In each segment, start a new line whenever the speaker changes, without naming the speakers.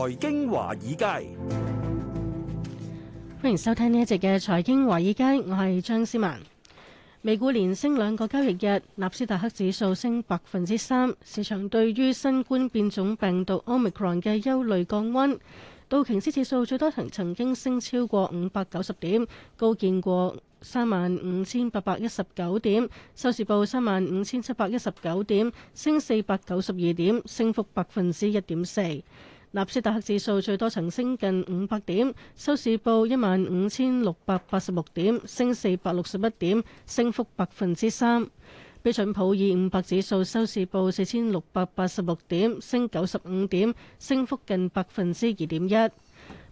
財經華爾街，
歡迎收聽呢一集嘅《財經華爾街》。我係張思文。美股連升兩個交易日，納斯達克指數升百分之三。市場對於新冠變種病毒 Omicron 嘅憂慮降溫，道瓊斯指數最多曾曾經升超過五百九十點，高見過三萬五千八百一十九點，收市報三萬五千七百一十九點，升四百九十二點，升幅百分之一點四。納斯達克指數最多曾升近五百點，收市報一萬五千六百八十六點，升四百六十一點，升幅百分之三。標準普爾五百指數收市報四千六百八十六點，升九十五點，升幅近百分之二點一。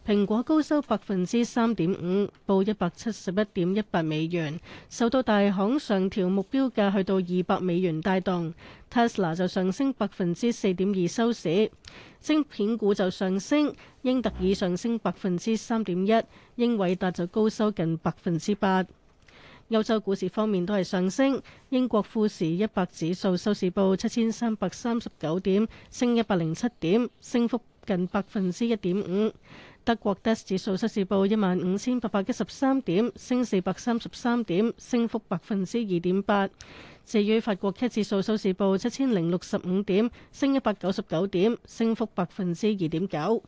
蘋果高收百分之三點五，報一百七十一點一八美元，受到大行上調目標價去到二百美元帶動。Tesla 就上升百分之四點二收市，晶片股就上升，英特爾上升百分之三點一，英偉達就高收近百分之八。歐洲股市方面都係上升，英國富時一百指數收市報七千三百三十九點，升一百零七點，升幅近百分之一點五。德國 DAX 指數收市報一萬五千八百一十三點，升四百三十三點，升幅百分之二點八。至於法國 CAC 指數收市報七千零六十五點，升一百九十九點，升幅百分之二點九。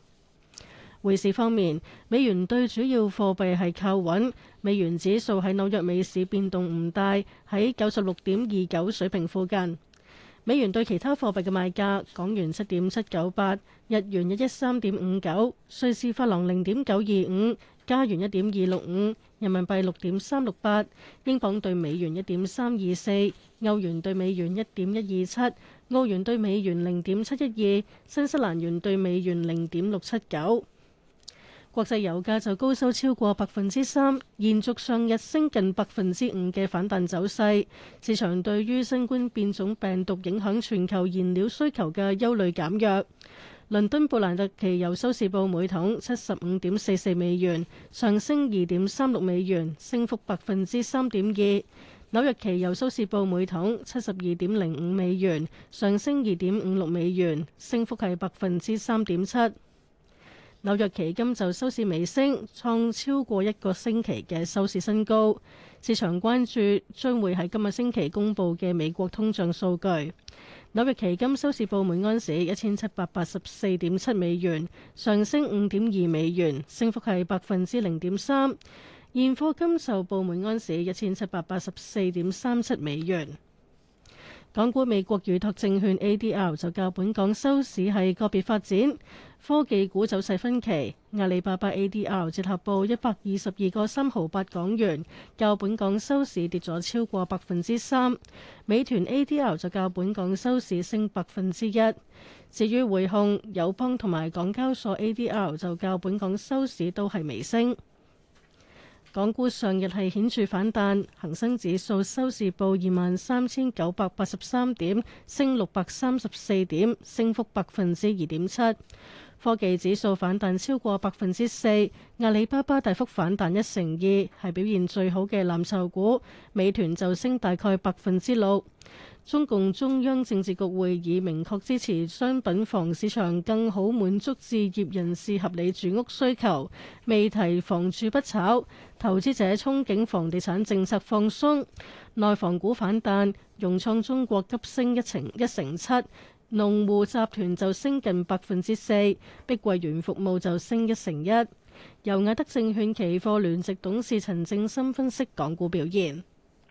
匯市方面，美元對主要貨幣係靠穩，美元指數喺紐約美市變動唔大，喺九十六點二九水平附近。美元對其他貨幣嘅賣價：港元七點七九八，日元一一三點五九，瑞士法郎零點九二五，加元一點二六五，人民幣六點三六八，英鎊對美元一點三二四，歐元對美元一點一二七，澳元對美元零點七一二，新西蘭元對美元零點六七九。國際油價就高收超過百分之三，延續上日升近百分之五嘅反彈走勢。市場對於新冠變種病毒影響全球燃料需求嘅憂慮減弱。倫敦布蘭特期油收市報每桶七十五點四四美元，上升二點三六美元，升幅百分之三點二。紐約期油收市報每桶七十二點零五美元，上升二點五六美元，升幅係百分之三點七。紐約期金就收市微升，創超過一個星期嘅收市新高。市場關注將會喺今日星期公佈嘅美國通脹數據。紐約期金收市報每安士一千七百八十四點七美元，上升五點二美元，升幅係百分之零點三。現貨金售報每安士一千七百八十四點三七美元。港股美國預託證券 A D R 就較本港收市係個別發展，科技股走勢分歧。阿里巴巴 A D R 折合報一百二十二個三毫八港元，較本港收市跌咗超過百分之三。美團 A D R 就較本港收市升百分之一。至於匯控、友邦同埋港交所 A D R 就較本港收市都係微升。港股上日係顯著反彈，恒生指數收市報二萬三千九百八十三點，升六百三十四點，升幅百分之二點七。科技指數反彈超過百分之四，阿里巴巴大幅反彈一成二，係表現最好嘅藍籌股。美團就升大概百分之六。中共中央政治局會議明確支持商品房市場更好滿足置業人士合理住屋需求，未提房住不炒。投資者憧憬房地產政策放鬆，內房股反彈，融創中國急升一成，一成七。龍湖集團就升近百分之四，碧桂園服務就升一成一。由亞德證券期貨聯席董事陳正森分析港股表現。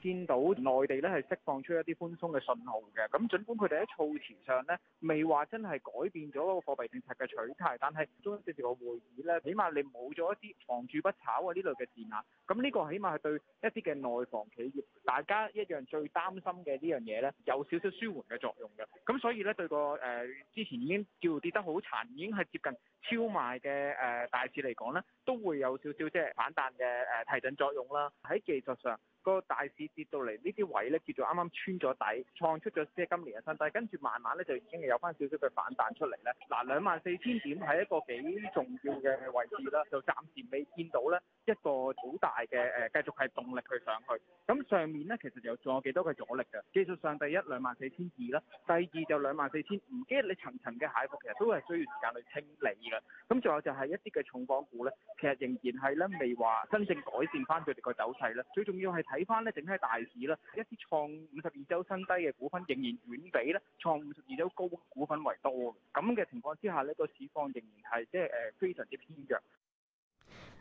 見到內地咧係釋放出一啲寬鬆嘅信號嘅，咁儘管佢哋喺措辭上咧未話真係改變咗個貨幣政策嘅取態，但係中央政治局會議咧，起碼你冇咗一啲房住不炒啊呢類嘅字眼，咁呢個起碼係對一啲嘅內房企業，大家一樣最擔心嘅呢樣嘢咧，有少少舒緩嘅作用嘅，咁所以咧對個誒之前已經叫跌得好殘，已經係接近超賣嘅誒大市嚟講咧，都會有少少即係反彈嘅誒提振作用啦。喺技術上，個大市跌到嚟呢啲位咧，叫做啱啱穿咗底，創出咗即係今年嘅新低，跟住慢慢咧就已經係有翻少少嘅反彈出嚟咧。嗱，兩萬四千點係一個幾重要嘅位置啦，就暫時未見到咧一個好大嘅誒、呃、繼續係動力去上去。咁上面咧其實就仲有幾多嘅阻力㗎？技術上第一兩萬四千二啦，24, 200，第二就兩萬四千五。記得你層層嘅蟹貨其實都係需要時間去清理嘅。咁仲有就係一啲嘅重磅股咧，其實仍然係咧未話真正改善翻佢哋個走勢咧。最重要係。睇翻呢，看看整體大市啦，一啲創五十二週新低嘅股份仍然遠比呢創五十二週高嘅股份為多，咁嘅情況之下呢個市況仍然係即係誒非常之偏弱。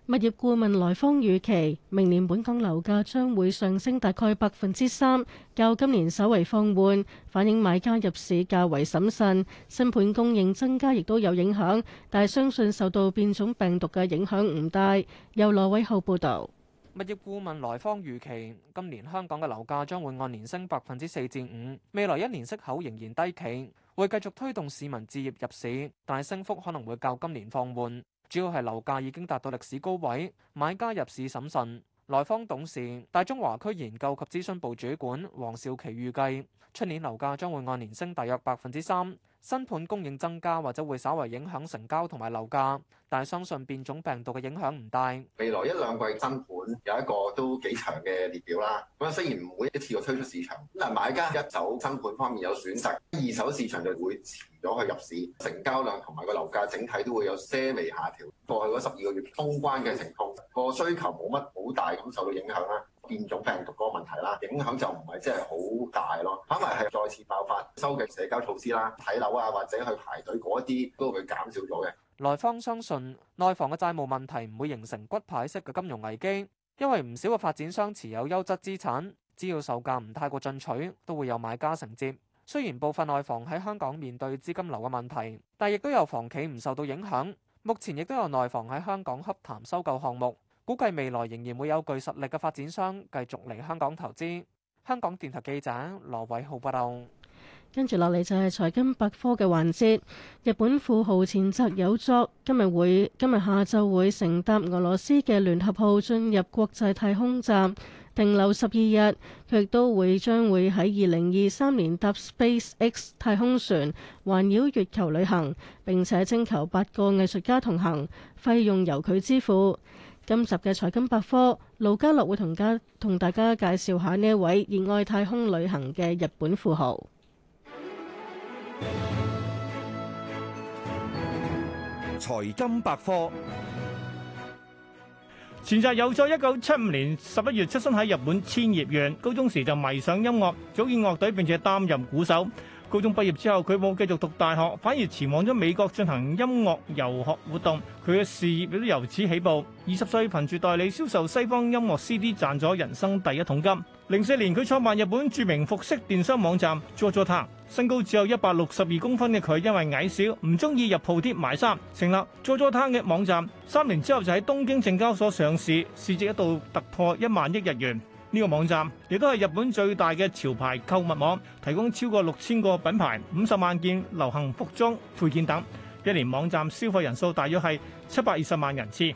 物業顧問萊坊預期明年本港樓價將會上升大概百分之三，較今年稍為放緩，反映買家入市較為審慎，新盤供應增加亦都有影響，但係相信受到變種病毒嘅影響唔大。由羅偉浩報道。
物業顧問來方預期，今年香港嘅樓價將會按年升百分之四至五，未來一年息口仍然低企，會繼續推動市民置業入市，但係升幅可能會較今年放緩，主要係樓價已經達到歷史高位，買家入市審慎。來方董事，大中華區研究及諮詢部主管黃少琪預計，出年樓價將會按年升大約百分之三。新盤供應增加或者會稍為影響成交同埋樓價，但係相信變種病毒嘅影響唔大。未來一兩季新
盤有一個都幾長嘅列表啦。咁啊，雖然唔會一次過推出市場，但啊買家一手新盤方面有選擇，二手市場就會遲咗去入市，成交量同埋個樓價整體都會有些微下調。過去嗰十二個月封關嘅情況，這個需求冇乜好大咁受到影響啦。變種病毒嗰個問題啦，影響就唔係真係好大咯，可能係再次爆發收緊社交措施啦、睇樓啊或者去排隊嗰啲都會減少咗
嘅。內房相信內房嘅債務問題唔會形成骨牌式嘅金融危機，因為唔少嘅發展商持有優質資產，只要售價唔太過進取，都會有買家承接。雖然部分內房喺香港面對資金流嘅問題，但亦都有房企唔受到影響。目前亦都有內房喺香港洽談收購項目。估計未來仍然會有具實力嘅發展商繼續嚟香港投資。香港電台記者羅偉浩報道。
跟住落嚟就係財經百科嘅環節。日本富豪前澤友作今日會今日下晝會乘搭俄羅斯嘅聯合號進入國際太空站停留十二日，佢亦都會將會喺二零二三年搭 SpaceX 太空船環繞月球旅行，並且徵求八個藝術家同行，費用由佢支付。今集嘅財金百科，盧嘉樂會同家同大家介紹下呢一位熱愛太空旅行嘅日本富豪。
財金百科，前澤友作一九七五年十一月出生喺日本千葉縣，高中時就迷上音樂，組建樂隊，並且擔任鼓手。高中畢業之後，佢冇繼續讀大學，反而前往咗美國進行音樂遊學活動。佢嘅事業亦都由此起步。二十歲憑住代理銷售西方音樂 CD 賺咗人生第一桶金。零四年，佢創辦日本著名服飾電商網站佐佐塔。身高只有一百六十二公分嘅佢，因為矮小唔中意入鋪啲買衫，成立佐佐塔嘅網站。三年之後就喺東京證交所上市，市值一度突破一萬億日元。呢個網站亦都係日本最大嘅潮牌購物網，提供超過六千個品牌、五十萬件流行服裝配件等。一年網站消費人數大約係七百二十萬人次。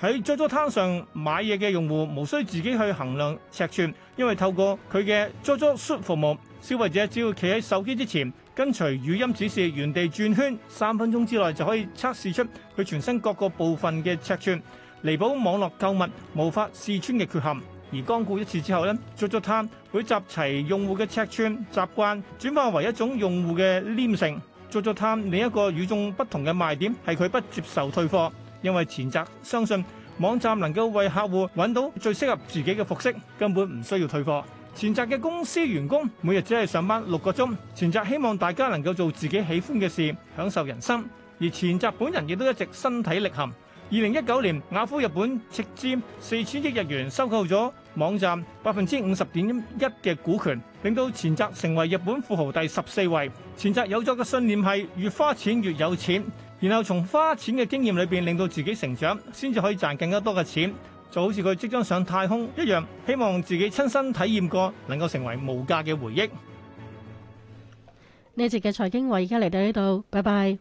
喺租租攤上買嘢嘅用戶無需自己去衡量尺寸，因為透過佢嘅租租 suit 服務，消費者只要企喺手機之前，跟隨語音指示原地轉圈，三分鐘之內就可以測試出佢全身各個部分嘅尺寸，彌補網絡購物無法試穿嘅缺陷。而光顧一次之後呢，「做佐探」會集齊用戶嘅尺寸 e c k 習慣，轉化為一種用戶嘅黏性。「做佐探」另一個與眾不同嘅賣點係佢不接受退貨，因為前澤相信網站能夠為客戶揾到最適合自己嘅服飾，根本唔需要退貨。前澤嘅公司員工每日只係上班六個鐘。前澤希望大家能夠做自己喜歡嘅事，享受人生。而前澤本人亦都一直身體力行。二零一九年，雅虎日本斥資四千億日元收購咗網站百分之五十點一嘅股權，令到前澤成為日本富豪第十四位。前澤有咗嘅信念係越花錢越有錢，然後從花錢嘅經驗裏邊令到自己成長，先至可以賺更加多嘅錢。就好似佢即將上太空一樣，希望自己親身體驗過，能夠成為無價嘅回憶。
呢一節嘅財經話，而家嚟到呢度，拜拜。